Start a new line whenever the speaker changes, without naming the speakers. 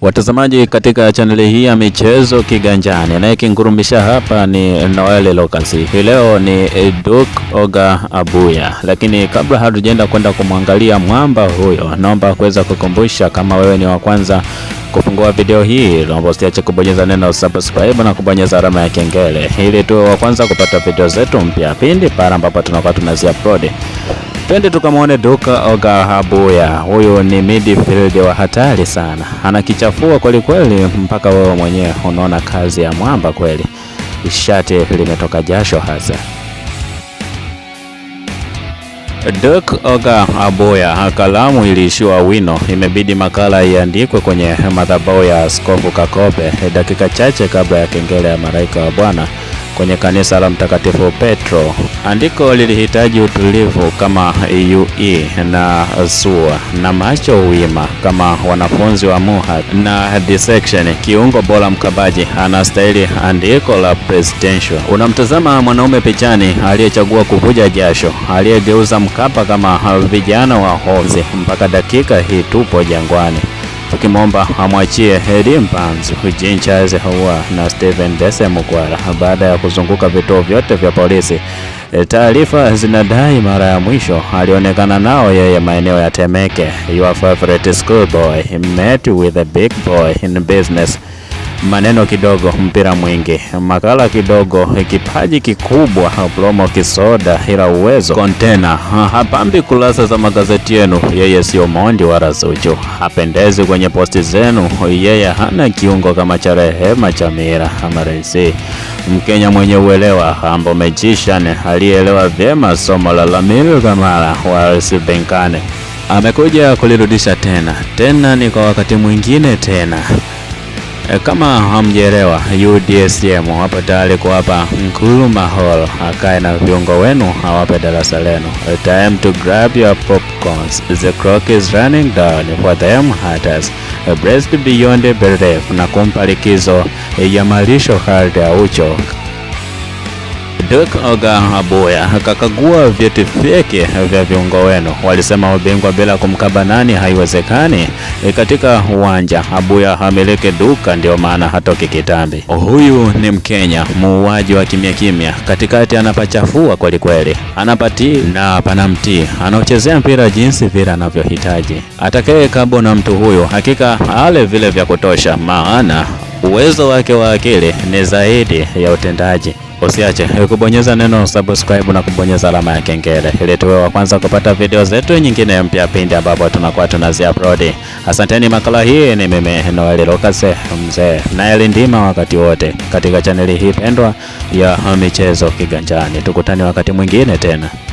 Watazamaji katika chaneli hii ya michezo Kiganjani, anayekingurumisha hapa ni Noel lokasi Hii leo ni duk Oga Abuya, lakini kabla hatujaenda kwenda kumwangalia mwamba huyo, naomba kuweza kukumbusha kama wewe ni wa kwanza kufungua video hii, naomba usiache kubonyeza neno subscribe na kubonyeza alama ya kengele ili tuwe wa kwanza kupata video zetu mpya pindi pale ambapo tunakuwa tunazi upload. Twende tukamwone Duka Ogahabuya. Huyu ni midfield wa hatari sana, anakichafua kweli kweli, mpaka wewe mwenyewe unaona kazi ya mwamba kweli, shati limetoka jasho hasa. Dirk Oga Aboya, kalamu iliishiwa wino, imebidi makala iandikwe kwenye madhabahu ya Askofu Kakobe dakika chache kabla ya kengele ya malaika wa Bwana kwenye kanisa la Mtakatifu Petro. Andiko lilihitaji utulivu kama UE na SUA na macho wima kama wanafunzi wa MUHA na dissection. Kiungo bora mkabaji anastahili andiko la presidential. Unamtazama mwanaume pichani aliyechagua kuvuja jasho, aliyegeuza Mkapa kama vijana wa hozi. Mpaka dakika hii tupo Jangwani tukimwomba amwachie Hedi Mpanzu, Jean Charles Hawa na Steven Desemugwara baada ya kuzunguka vituo vyote vya polisi. Eh, taarifa zinadai mara ya mwisho alionekana nao yeye maeneo ya Temeke. Your favorite schoolboy met with a big boy in business. Maneno kidogo, mpira mwingi, makala kidogo, kipaji kikubwa, promo kisoda, ila uwezo kontena. Hapambi kurasa za magazeti yenu, yeye sio mondi wala Zuchu, hapendezi kwenye posti zenu, yeye hana kiungo kama cha Rehema Chamira ama Reisi. Mkenya mwenye uelewa ambo mejishane, aliyeelewa vyema somo la Lamine Kamara Wallace Benkane amekuja kulirudisha tena tena, ni kwa wakati mwingine tena. Eh, kama hamjaelewa, UDSM hapa tayari kuwapa Nkrumah Hall, akae na viungo wenu, awape darasa lenu. Eh, time to grab your popcorns, the clock is running down for them hatters breast beyond belief, na kumpa likizo eh, ya malisho hadi ya ucho. Dirk Ogaboya kakagua vyeti vyake vya viungo wenu. Walisema ubingwa bila kumkaba nani haiwezekani e, katika uwanja. Abuya amiliki duka, ndio maana hatoki kitambi. Huyu ni Mkenya muuaji wa kimya kimya, katikati anapachafua kweli kweli, anapati na panamti, anaochezea mpira jinsi vile anavyohitaji. Atakaye kabo na mtu huyo, hakika ale vile vya kutosha, maana Uwezo wake wa akili ni zaidi ya utendaji. Usiache kubonyeza neno subscribe na kubonyeza alama ya kengele ili tuwe wa kwanza kupata video zetu nyingine mpya pindi ambapo tunakuwa tunazi upload. Asanteni, makala hii ni mimi Noel Lokase, mzee nayelindima wakati wote katika chaneli hii pendwa ya michezo kiganjani. Tukutane wakati mwingine tena.